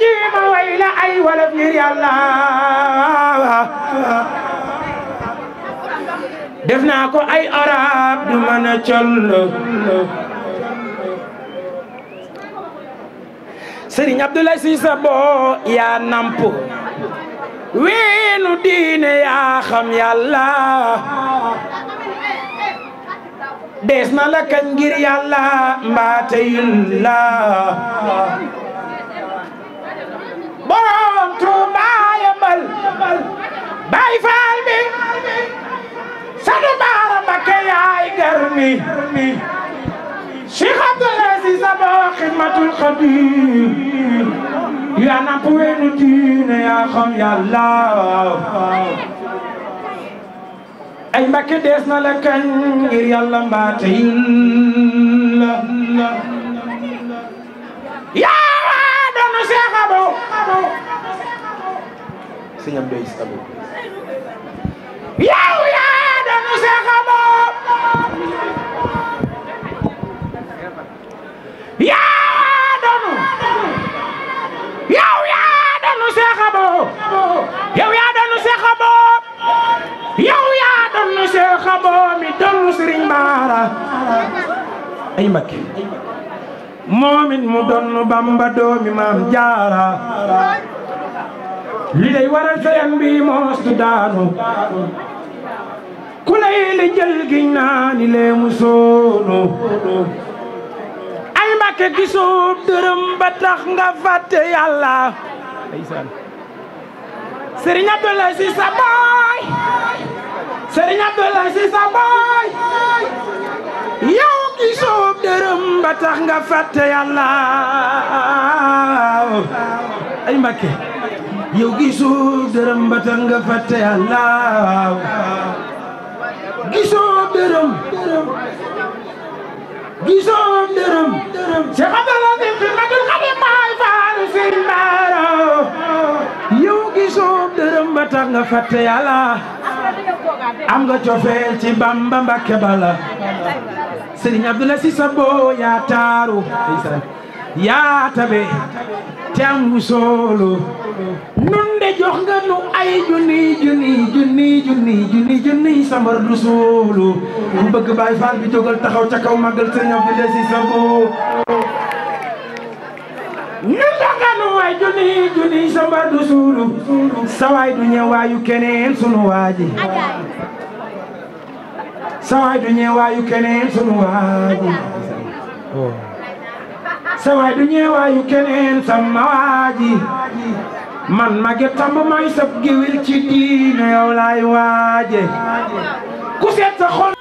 jiima way la ay wala ngir yàlla def naa ko ay arab du mën a collo Serigne Abdoulaye Cissé Bo yaa namp weenu diine yaa xam yàlla dees na la kañ ngir yàlla mbaate yulla borom Tuuba yëmbal Baay Faal bi Sadu Baara Mbakke yaay garmi Cheikh Abdoul Aziz Abo Xidmatul Xadim yaa namp weenu yaa xam yàlla ay Mbakke dees na la kañ ngir yàlla sëñ am day sabo yow yaa dañu seexa moom yaa dañu yow yaa dañu seexa moom yow yaa dañu seexa moom yow yaa dañu seexa moom mi ay mu Bamba Jaara li lay waral feyam bi moos daanu ku lay li jël giñ naa ni lee ay mbàkke gisoo dërëm ba nga fàtte yàlla sëriñ Abdoulaye si sa baay sëriñ Abdoulaye si dërëm ba nga fàtte yàlla ay mbàkke yow gisoo dërëm ba tax nga fàtte yàlla waaw gisoo dërëm gisoo dërëm ci xamala bi fi matul xadi maay faalu sëñ baaro yow gisoo dërëm ba tax nga fàtte am nga cofeel ci Bamba Mbakke bala Sëriñ Abdoulaye Si boo yaa taaru yaa tabe te am nun de jox nga nu ay junni junni junni junni sambar du solo ku bëgg baay faal bi jógal taxaw ca kaw màggal sëñ bi de si nun de nga nu ay junni junni sambar du solo sawaay du ñewaayu keneen sunu waaji sawaay du ñewaayu keneen sunu waaji oh. sa waay du ñeewaayu keneen sama waaji man ma ge tamb may sab géwél ci diine yow laay waaje ku seet sa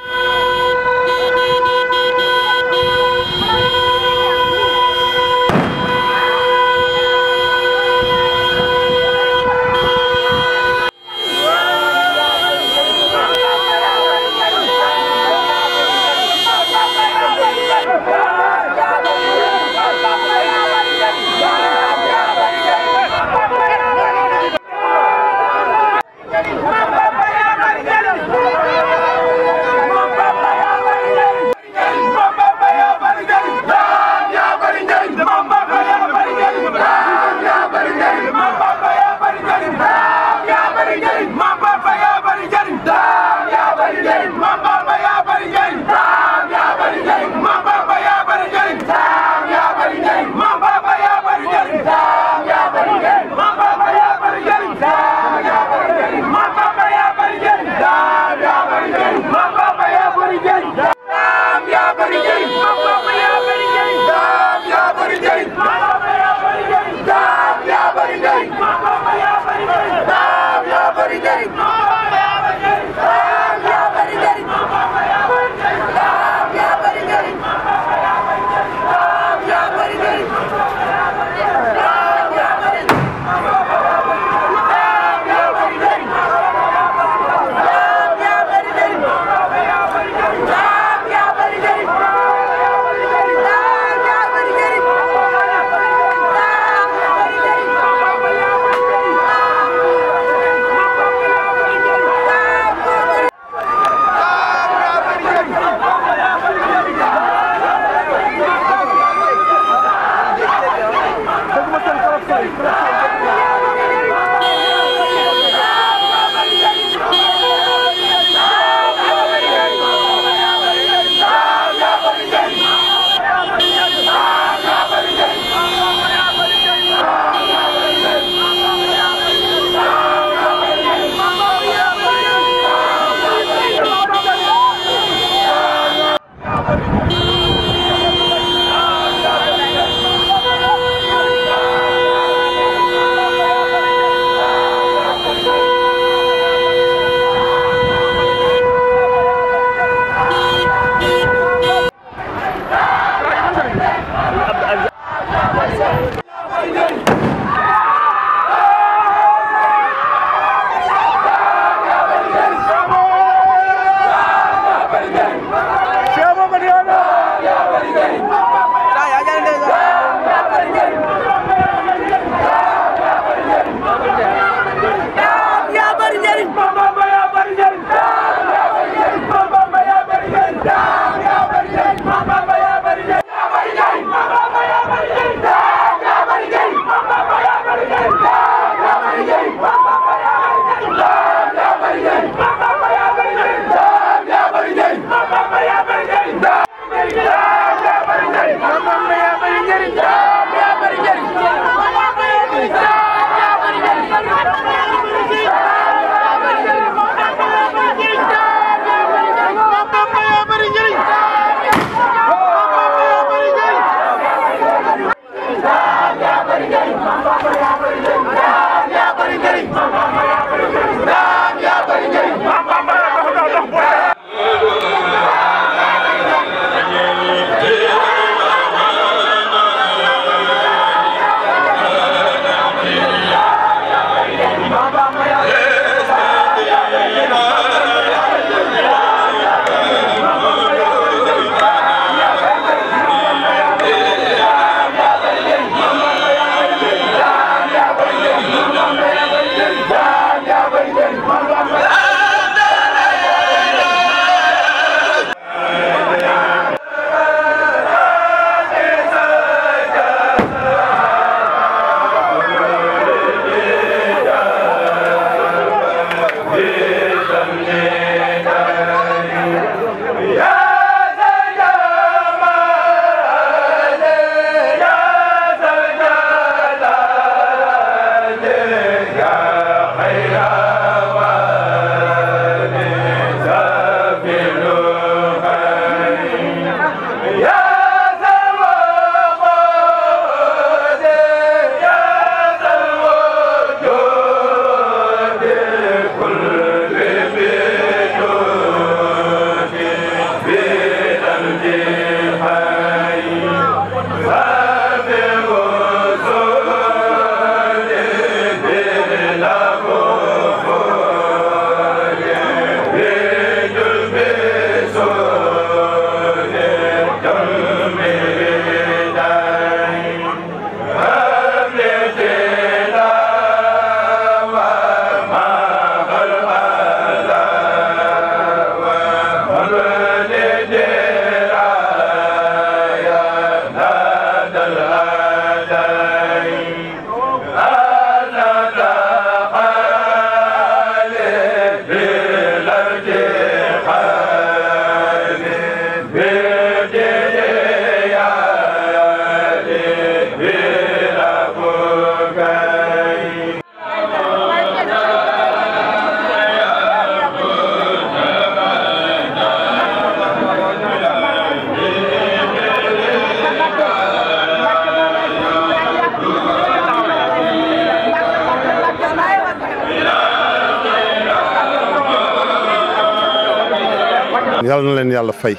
leen yàlla fay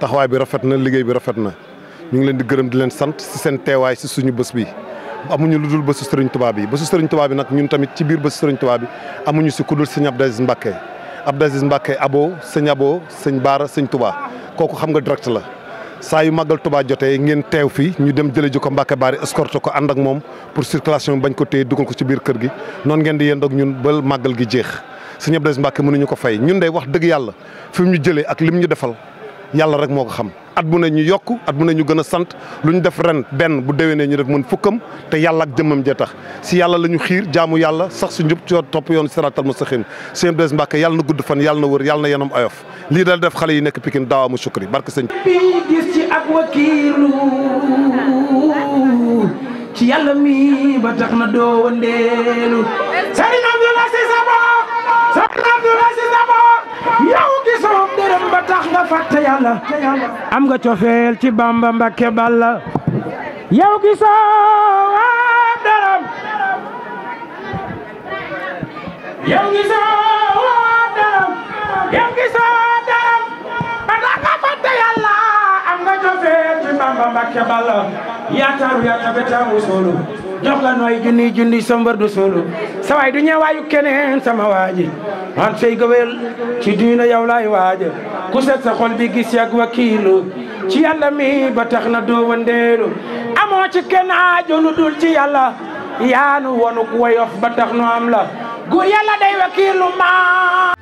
taxawaay bi rafet na liggéey bi rafet na ñu ngi leen di gërëm di leen sant si seen teewaay si suñu bés bi amuñu lu dul bésu Serigne Touba bi bésu Serigne Touba bi nag ñun tamit ci biir bésu Serigne Touba bi amuñu si ku dul sëñ Abdou Aziz Mbacké Abdou Aziz Mbacké abo sëñ abo sëñ baara sëñ Touba kooku xam nga direct la saa yu màggal tubaa jotee ngeen teew fii ñu dem jële ji ko Mbacké Bari escorté ko ànd ak moom pour circulation bañ ko téye dugal ci biir kër gi noonu ngeen sëñ Abdou Aziz Mbacke mënuñu ko fay ñun day wax dëgg yàlla fi mu ñu jëlee ak lim ñu defal yàlla rek moo ko xam at bu ne ñu yokk at bu ne ñu gën sant lu ñu def ren benn bu déwénee ñu def mën fukkam te yàlla ak jëmmam jee tax si yàlla la ñu xiir jaamu yàlla sax su njub coo topp yoon siraatal mustaqim sëñ Abdou Aziz Mbacke yàlla na gudd fan yàlla na wër yàlla na yenam ayof lii daal def xale yi nekk Pikine daawaamu sukri barke sëñ bi ci ak wakiilu ci yàlla mi ba tax na doo Abdou Aziz Dabakh ba tax nga fàtte yàlla am nga cofeel ci Bamba Mbakke Balla yow gisoo dërëm yow ba tax nga fàtte yàlla am nga cofeel ci Bamba Mbakke Balla yaataaru yaata be taa jox la nooy junniy junniy sombar du suulu sa waay du ñëwaayu keneen sama waaji man sey gëwél ci diina yow laay waaja ku set sa xol bi gis yàgg wakiilu ci yàlla mi ba tax na doo wandeelu ci kenn aajo lu dul ci yàlla yaanu wonuk woyof ba tax nu am la gu yàlla day wakiilu maa